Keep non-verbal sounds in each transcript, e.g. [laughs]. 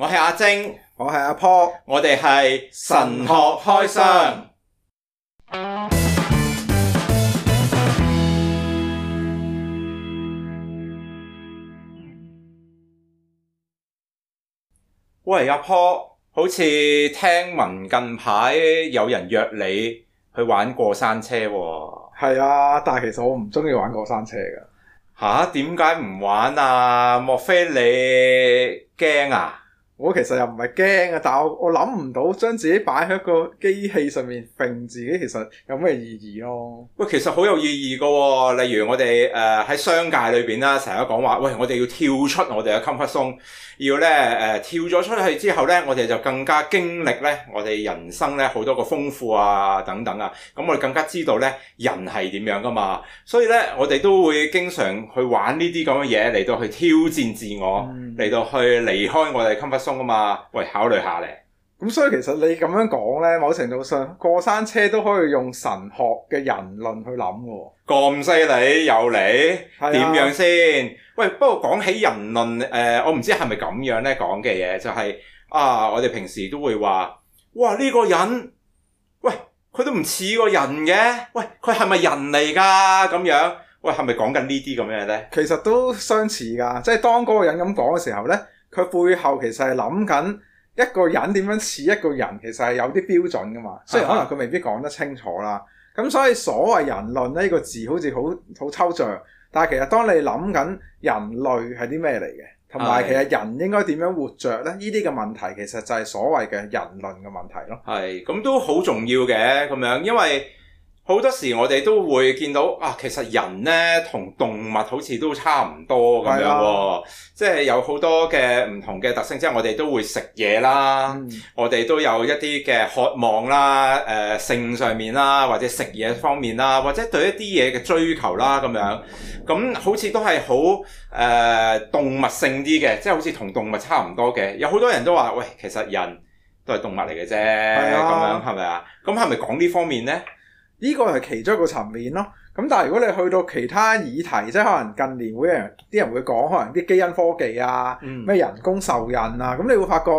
我係阿晶，我係阿坡，我哋係神學開箱。喂，阿坡，好似聽聞近排有人約你去玩過山車？啊，係啊，但係其實我唔中意玩過山車噶。吓？啊，點解唔玩啊？莫非你驚啊？我其實又唔係驚啊，但係我我諗唔到將自己擺喺一個機器上面揈自己，其實有咩意義咯。啊？喂，其實好有意義噶。哦，例如我哋誒喺商界裏邊啦，成日講話，喂，我哋要跳出我哋嘅 comfort zone，要咧誒、呃、跳咗出去之後咧，我哋就更加經歷咧我哋人生咧好多個豐富啊等等啊，咁、嗯、我哋更加知道咧人係點樣噶嘛，所以咧我哋都會經常去玩呢啲咁嘅嘢嚟到去挑戰自我。嗯嚟到去離開我哋 comfort zone 啊嘛，喂，考慮下咧。咁所以其實你咁樣講咧，某程度上過山車都可以用神學嘅人論去諗喎、哦。咁犀利有你，點、啊、樣先？喂，不過講起人論，誒、呃，我唔知係咪咁樣咧講嘅嘢，就係、是、啊，我哋平時都會話，哇呢、這個人，喂，佢都唔似個人嘅，喂，佢係咪人嚟㗎？咁樣。喂，係咪講緊呢啲咁樣咧？其實都相似㗎，即係當嗰個人咁講嘅時候咧，佢背後其實係諗緊一個人點樣似一個人，其實係有啲標準噶嘛。雖然可能佢未必講得清楚啦。咁、啊、所以所謂人論呢、呢個字好，好似好好抽象。但係其實當你諗緊人類係啲咩嚟嘅，同埋其實人應該點樣活着咧？呢啲嘅問題其實就係所謂嘅人論嘅問題咯。係，咁都好重要嘅咁樣，因為。好多時我哋都會見到啊，其實人咧同動物好似都差唔多咁樣喎，吧即係有好多嘅唔同嘅特性，即係我哋都會食嘢啦，嗯、我哋都有一啲嘅渴望啦，誒、呃、性上面啦，或者食嘢方面啦，或者對一啲嘢嘅追求啦咁樣。咁好似都係好誒動物性啲嘅，即係好似同動物差唔多嘅。有好多人都話：喂，其實人都係動物嚟嘅啫，咁樣係咪啊？咁係咪講呢方面咧？呢個係其中一個層面咯。咁但係如果你去到其他議題，即係可能近年會有人啲人會講，可能啲基因科技啊，咩、嗯、人工受孕啊，咁你會發覺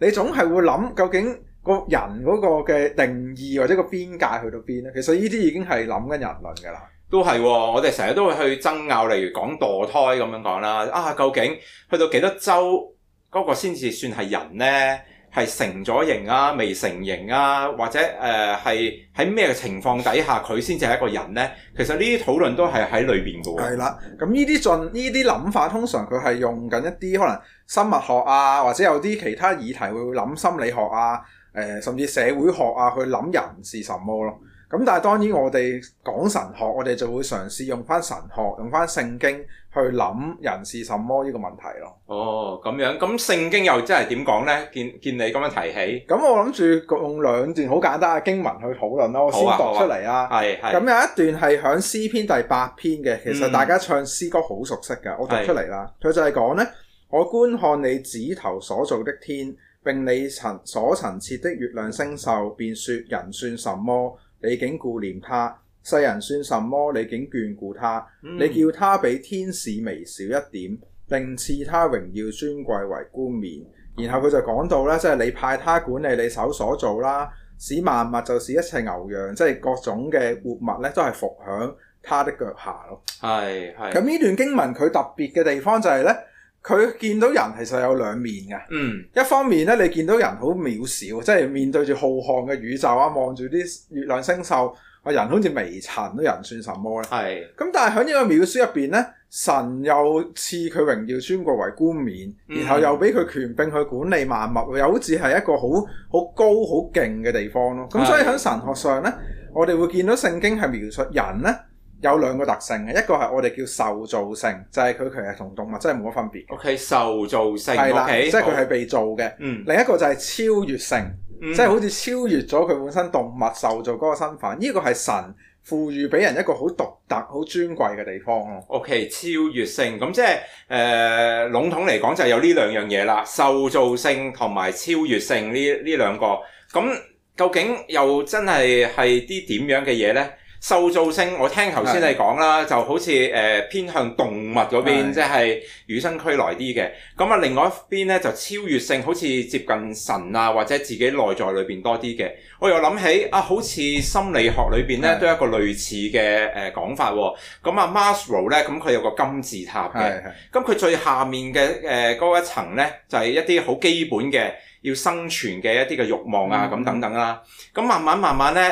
你總係會諗究竟人個人嗰個嘅定義或者個邊界去到邊咧？其實呢啲已經係諗緊人論㗎啦。都係、哦，我哋成日都會去爭拗，例如講墮胎咁樣講啦。啊，究竟去到幾多週嗰、嗰個先至算係人呢？係成咗形啊，未成形啊，或者誒係喺咩情況底下佢先至係一個人呢？其實呢啲討論都係喺裏邊嘅。係啦，咁呢啲進呢啲諗法，通常佢係用緊一啲可能生物學啊，或者有啲其他議題會諗心理學啊，誒、呃、甚至社會學啊去諗人是什麼咯。咁但係當然我哋講神學，我哋就會嘗試用翻神學，用翻聖經。去諗人是什麼呢個問題咯。哦，咁樣，咁、嗯、聖經又真係點講呢？見見你咁樣提起，咁、嗯、我諗住用兩段好簡單嘅經文去討論啦。啊、我先讀出嚟啊。係咁、啊嗯、有一段係響詩篇第八篇嘅，其實大家唱詩歌好熟悉㗎。我讀出嚟啦，佢、嗯、就係講呢是我觀看你指頭所造的天，並你所陳設的月亮星宿，便説人算什麼？你竟顧念他。世人算什麼？你竟眷顧他，嗯、你叫他比天使微小一點，並賜他榮耀尊貴為冠冕。嗯、然後佢就講到咧，即係你派他管理你手所做啦，使萬物就是一切牛羊，即係各種嘅活物咧，都係伏響他的腳下咯。係係。咁呢段經文佢特別嘅地方就係咧，佢見到人其實有兩面嘅。嗯，一方面咧，你見到人好渺小，即係面對住浩瀚嘅宇宙啊，望住啲月亮星宿。人好似微塵，啲人算什麼咧？係是。咁但係喺呢個妙書入邊咧，神又賜佢榮耀尊貴為冠冕，嗯、然後又俾佢權柄去管理萬物，又好似係一個好好高好勁嘅地方咯。咁所以喺神學上咧，是嗯、我哋會見到聖經係描述人咧有兩個特性嘅，一個係我哋叫受造性，就係佢其實同動物真係冇乜分別。O、okay, K，受造性。係啦了，okay, 即係佢係被造嘅。嗯好。另一個就係超越性。Mm hmm. 即係好似超越咗佢本身動物受造嗰、這個身份，呢個係神賦予俾人一個好獨特、好尊貴嘅地方。OK，超越性咁、嗯、即係誒，籠、呃、統嚟講就有呢兩樣嘢啦，受造性同埋超越性呢呢兩個。咁、嗯、究竟又真係係啲點樣嘅嘢咧？受造性，我聽頭先你講啦，是的 就好似誒、呃、偏向動物嗰邊，即係是的 與生俱來啲嘅。咁啊，另外一邊咧就超越性，好似接近神啊或者自己內在裏邊多啲嘅。我又諗起啊，好似心理學裏邊咧都有一個類似嘅誒講法喎、哦。咁啊，Maslow 咧，咁佢、嗯、有個金字塔嘅。咁佢是的、嗯、最下面嘅誒嗰一層咧，就係、是、一啲好基本嘅。要生存嘅一啲嘅欲望啊，咁等等啦。咁慢慢慢慢咧，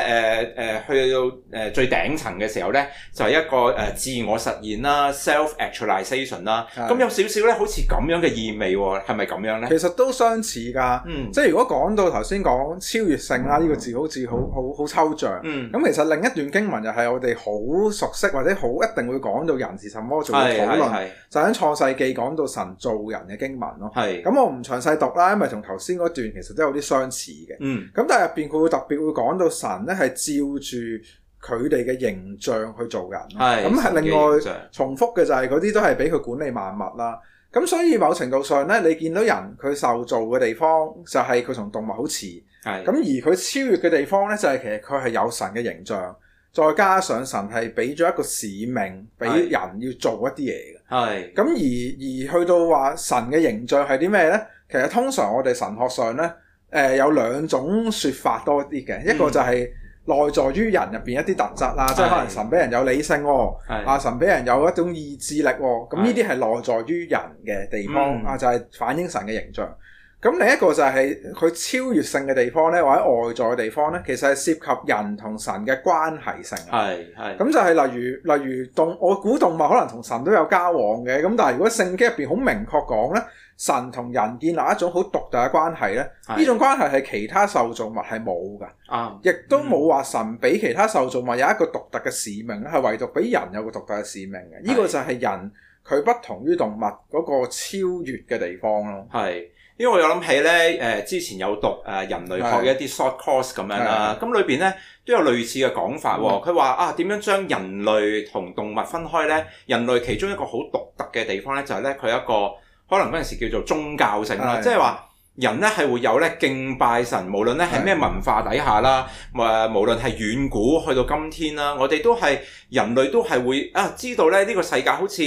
誒誒去到誒最頂層嘅時候咧，就係一個誒自我實現啦，self actualization 啦。咁有少少咧，好似咁樣嘅意味喎，係咪咁樣咧？其實都相似㗎。嗯，即係如果講到頭先講超越性啦，呢個字好似好好好抽象。嗯。咁其實另一段經文又係我哋好熟悉，或者好一定會講到人是什麼做討論，就喺創世記講到神造人嘅經文咯。係咁我唔詳細讀啦，因為從頭先。嗰段其實都有啲相似嘅，咁、嗯、但係入邊佢會特別會講到神呢係照住佢哋嘅形象去做人，咁係是另外重複嘅就係嗰啲都係俾佢管理萬物啦。咁所以某程度上呢，你見到人佢受造嘅地方就係佢同動物好似，咁是而佢超越嘅地方呢，就係、是、其實佢係有神嘅形象，再加上神係俾咗一個使命俾人要做一啲嘢嘅，咁而而去到話神嘅形象係啲咩呢？其實通常我哋神學上咧，誒、呃、有兩種説法多啲嘅，嗯、一個就係內在於人入邊一啲特質啦，即係可能神俾人有理性喎、哦，嗯、啊神俾人有一種意志力喎、哦，咁呢啲係內在於人嘅地方啊，嗯、就係反映神嘅形象。咁另一個就係佢超越性嘅地方咧，或者外在嘅地方咧，其實係涉及人同神嘅關係性。係係。咁就係例如例如動，我估動物可能同神都有交往嘅。咁但係如果聖經入邊好明確講咧，神同人建立一種好獨特嘅關係咧，呢是種關係係其他受造物係冇㗎。啊，亦都冇話神俾其他受造物有一個獨特嘅使命，係、嗯、唯獨俾人有個獨特嘅使命嘅。呢是個就係人佢不同於動物嗰個超越嘅地方咯。係是。因為我有諗起咧，誒、呃、之前有讀誒、呃、人類學嘅一啲 short course 咁的樣啦，咁裏邊咧都有類似嘅講法喎。佢話的啊，點樣將人類同動物分開咧？人類其中一個好獨特嘅地方咧，就係咧佢一個可能嗰陣時叫做宗教性啦，即係話人咧係會有咧敬拜神，無論咧係咩文化底下啦，誒的無論係遠古去到今天啦，我哋都係人類都係會啊知道咧呢、這個世界好似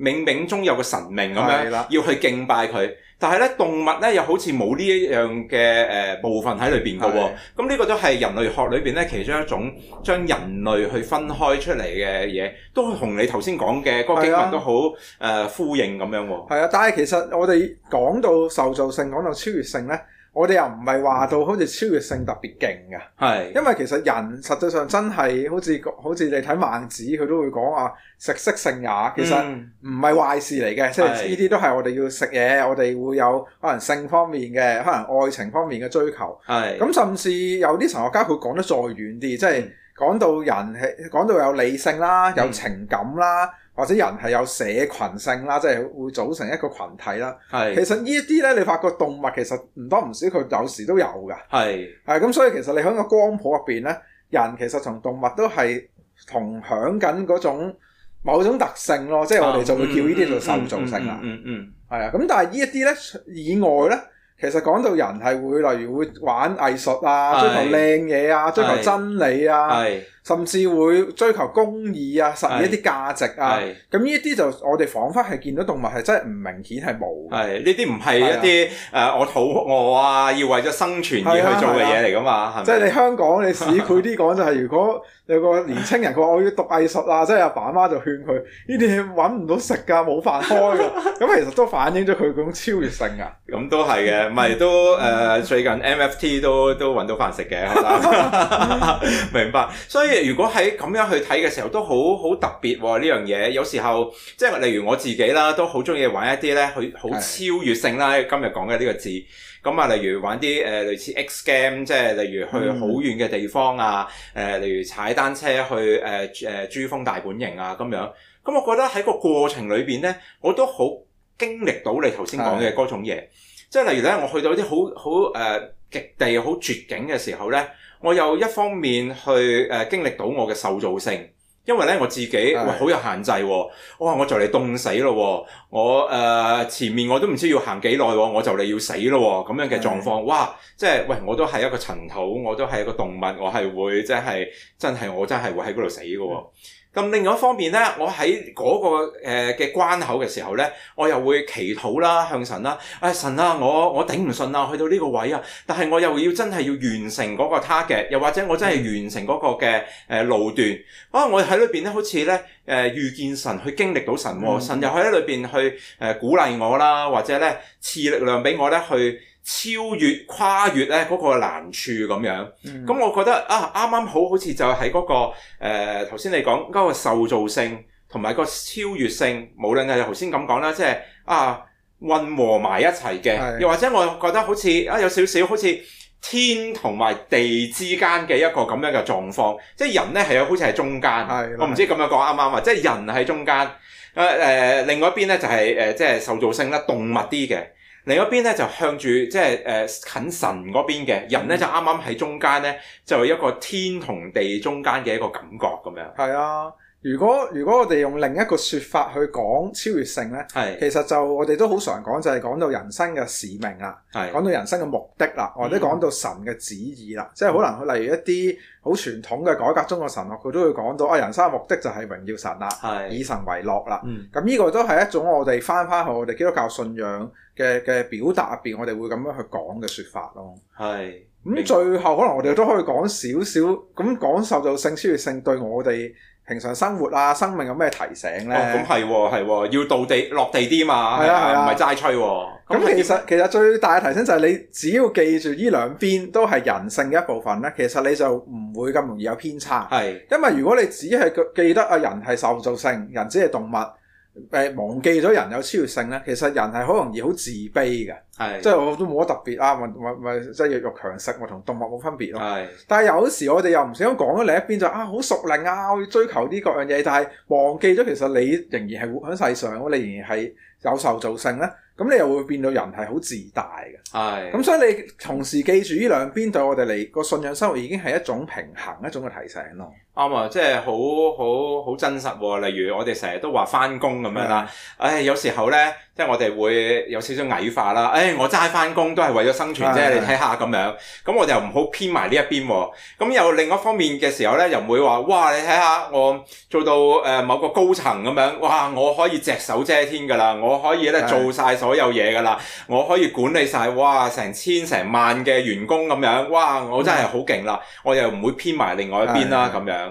冥冥中有個神明咁樣的，要去敬拜佢。但係咧，動物咧又好似冇呢一樣嘅誒、呃、部分喺裏邊嘅喎，咁呢的、嗯這個都係人類學裏邊咧其中一種將人類去分開出嚟嘅嘢，都同你頭先講嘅個經文都好誒的、呃、呼應咁樣喎、哦。係啊，但係其實我哋講到受造性，講到超越性咧。我哋又唔係話到好似超越性特別勁嘅，係是因為其實人實際上真係好似好似你睇孟子，佢都會講話、啊、食色性也，其實唔係壞事嚟嘅，即係呢啲都係我哋要食嘢，是我哋會有可能性方面嘅，可能愛情方面嘅追求，係咁是，甚至有啲神學家佢講得再遠啲，即係。講到人係講到有理性啦，有情感啦，或者人係有社群性啦，即係會組成一個群體啦。係是，其實呢一啲咧，你發覺動物其實唔多唔少，佢有時都有㗎。係是，係咁、啊，所以其實你喺個光譜入邊咧，人其實同動物都係同享緊嗰種某種特性咯，即係我哋就會叫呢啲做受造性啦。嗯嗯，係、嗯、啊，咁、嗯嗯嗯嗯嗯、但係呢一啲咧以外咧，其實講到人係會，例如會玩藝術啊，是追求靚嘢啊，追求真理啊。甚至會追求公義啊，實現一啲價值啊，咁呢啲就我哋彷彿係見到動物係真係唔明顯係冇嘅。呢啲唔係一啲誒、啊呃、我肚餓啊，要為咗生存而去做嘅嘢嚟㗎嘛。即係、啊啊、吧你香港你市儈啲講就係，如果有個年青人佢話我要讀藝術啊，即係阿爸阿媽就勸佢呢啲嘢揾唔到食㗎，冇飯開㗎。咁 [laughs] 其實都反映咗佢嗰種超越性㗎、啊。咁、嗯、都係嘅，唔係都誒最近 MFT 都都揾到飯食嘅， [laughs] [laughs] 明白。所以。即係如果喺咁樣去睇嘅時候，都好好特別喎呢樣嘢。有時候即係例如我自己啦，都好中意玩一啲咧，佢好超越性啦。的今日講嘅呢個字，咁、嗯、啊，例如玩啲誒、呃、類似 X game，即係例如去好遠嘅地方啊，誒、嗯呃，例如踩單車去誒誒、呃、珠峰大本營啊咁樣。咁、嗯、我覺得喺個過程裏邊咧，我都好經歷到你頭先講嘅嗰種嘢。即係例如咧，我去到一啲好好誒極地好絕境嘅時候咧，我有一方面去誒、呃、經歷到我嘅受造性，因為咧我自己的喂好有限制喎、哦，哇、哦！我就嚟凍死咯、哦，我誒、呃、前面我都唔知要行幾耐，我就嚟要死咯、哦，咁樣嘅狀況，的哇！即係喂，我都係一個塵土，我都係一個動物，我係會即係真係我真係會喺嗰度死嘅、哦。咁另外一方面咧，我喺嗰、那個嘅、呃、關口嘅時候咧，我又會祈禱啦，向神啦，啊、哎、神啊，我我頂唔順啊，去到呢個位啊，但係我又要真係要完成嗰個 target 又或者我真係完成嗰個嘅誒、呃、路段啊，我喺裏邊咧，好似咧誒遇見神，去經歷到神，嗯、神又喺裏邊去誒、呃、鼓勵我啦，或者咧賜力量俾我咧去。超越跨越咧嗰個難處咁樣，咁、嗯、我覺得啊啱啱好好似就喺嗰、嗰個誒頭先你講嗰個受造性同埋個超越性，無論係頭先咁講啦，即係啊混和埋一齊嘅，又是或者我覺得好似啊有少少好似天同埋地之間嘅一個咁樣嘅狀況，即係人咧係有好似喺中間，的我唔知咁樣講啱唔啱啊，即係人喺中間誒誒、呃、另外一邊咧就係、是、誒、呃、即係受造性啦動物啲嘅。另一邊咧就向住即係誒、呃、近神嗰邊嘅人咧，嗯、就啱啱喺中間咧，就一個天同地中間嘅一個感覺咁樣。係啊。如果如果我哋用另一個說法去講超越性咧，是其實就我哋都好常講，就係講到人生嘅使命啦，講是到人生嘅目的啦，嗯、或者講到神嘅旨意啦，嗯、即係可能例如一啲好傳統嘅改革宗嘅神學，佢都會講到啊人生嘅目的就係榮耀神啦，是以神為樂啦，咁呢、嗯、個都係一種我哋翻翻去我哋基督教信仰嘅嘅表達入邊，我哋會咁樣去講嘅說法咯。咁、嗯、最後可能我哋都可以講少少，咁講受造性、超越性對我哋平常生活啊、生命有咩提醒呢？咁係喎，係、嗯、喎，要到地落地啲嘛，係啊，係啊，唔係齋吹。咁、嗯、咁其實其實最大嘅提醒就係，你只要記住呢兩邊都係人性嘅一部分呢，其實你就唔會咁容易有偏差。係，因為如果你只係記得啊，人係受造性，人只係動物。誒，忘記咗人有超越性咧，其實人係好容易好自卑嘅，的即係我都冇乜特別啊，咪咪咪即係弱肉強食，我同動物冇分別咯。係的，但係有時我哋又唔想講咗另一邊就啊好屬靈啊，我要追求啲各樣嘢，但係忘記咗其實你仍然係活喺世上，你仍然係有受造性咧，咁你又會變到人係好自大嘅。係的，咁所以你同時記住呢兩邊對我哋嚟，個信仰生活已經係一種平衡，一種嘅提醒咯。啱啊，即係好好好真實喎。例如我哋成日都話翻工咁樣啦，唉，有時候咧，即係我哋會有少少矮化啦。唉，我齋翻工都係為咗生存啫。你睇下咁樣，咁我哋又唔好偏埋呢一邊喎。咁又另一方面嘅時候咧，又唔會話哇，你睇下我做到誒某個高層咁樣，哇我可以隻手遮天㗎啦，我可以咧做晒所有嘢㗎啦，我可以管理晒。哇成千成萬嘅員工咁樣，哇我真係好勁啦，我又唔會偏埋另外一邊啦咁樣。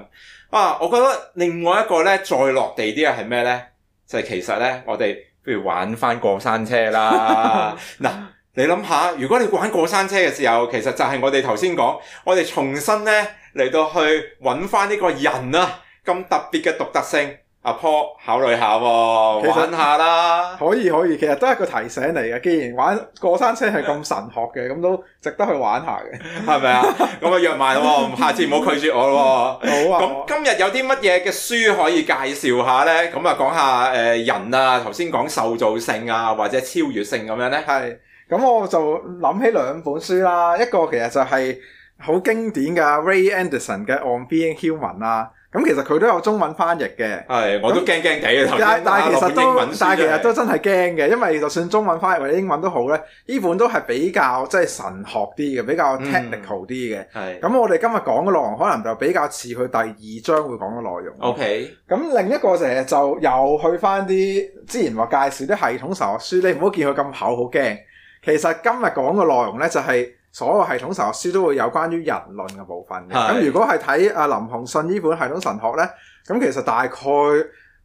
啊！我覺得另外一個咧，再落地啲嘅係咩咧？就係、是、其實咧，我哋不如玩翻過山車啦。嗱、 [laughs] 啊，你諗下，如果你玩過山車嘅時候，其實就係我哋頭先講，我哋重新咧嚟到去揾翻呢個人啊，咁特別嘅獨特性。阿坡考慮下喎，實玩下啦，可以可以，其實都係一個提醒嚟嘅。既然玩過山車係咁神學嘅，咁 [laughs] 都值得去玩下嘅，係咪啊？咁啊約埋咯， [laughs] 下次唔好拒絕我咯。 [laughs] 好啊。咁今日有啲乜嘢嘅書可以介紹下呢？咁啊，講下誒人啊，頭先講受造性啊，或者超越性咁樣呢？係。咁我就諗起兩本書啦，一個其實就係好經典嘅 Ray Anderson 嘅《On Being Human》啊。咁其實佢都有中文翻譯嘅，係的、嗯、我怕怕怕都驚驚地頭先睇到英文先啫。但係其實都，但係其實都真係驚嘅，因為就算中文翻譯或者英文都好咧，呢本都係比較即係神學啲嘅，比較 technical 啲嘅。係咁、嗯，我哋今日講嘅內容可能就比較似佢第二章會講嘅內容。OK。咁另一個成日就又去翻啲之前話介紹啲系統神學書，你唔好見佢咁厚好驚。其實今日講嘅內容咧就係、是。所有系統神學書都會有關於人論嘅部分嘅。咁是如果係睇阿林鴻信呢本系統神學咧，咁其實大概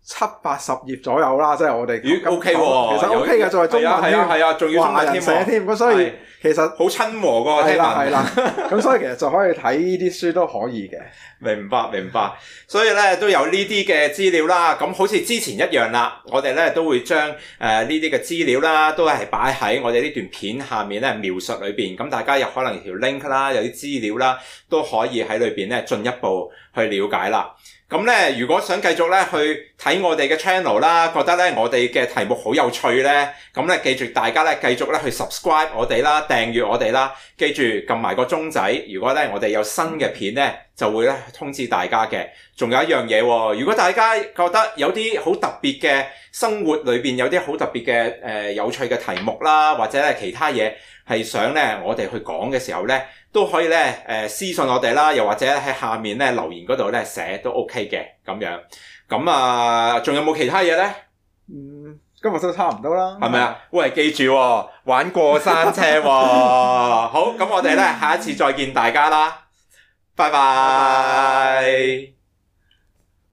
七八十頁左右啦，即係我哋。咦？O K 其實 O K 嘅，仲係有中文嘅，係啊，係啊，仲要中文有人寫添，咁所以。其實好親和嗰個天文，係啦係啦，咁所以其實就可以睇呢啲書都可以嘅。明白明白，所以咧都有呢啲嘅資料啦。咁好似之前一樣啦，我哋咧都會將誒呢啲嘅資料啦，都係擺喺我哋呢段片下面咧描述裏邊。咁大家有可能條 link 啦，有啲資料啦，都可以喺裏邊咧進一步去了解啦。咁咧如果想繼續咧去睇我哋嘅 channel 啦，覺得咧我哋嘅題目好有趣咧，咁咧記住大家咧繼續咧去 subscribe 我哋啦。訂閱我哋啦，記住撳埋個鐘仔。如果咧我哋有新嘅片咧，就會咧通知大家嘅。仲有一樣嘢，如果大家覺得有啲好特別嘅生活裏邊有啲好特別嘅誒有趣嘅題目啦，或者咧其他嘢係想咧我哋去講嘅時候咧，都可以咧誒、呃、私信我哋啦，又或者喺下面咧留言嗰度咧寫都 OK 嘅咁樣。咁啊，仲有冇其他嘢咧？嗯。今日都差唔多啦，係咪啊？喂，記住、喎、玩過山車、喎， [laughs] 好，咁我哋呢下一次再見大家啦，拜拜。Bye bye.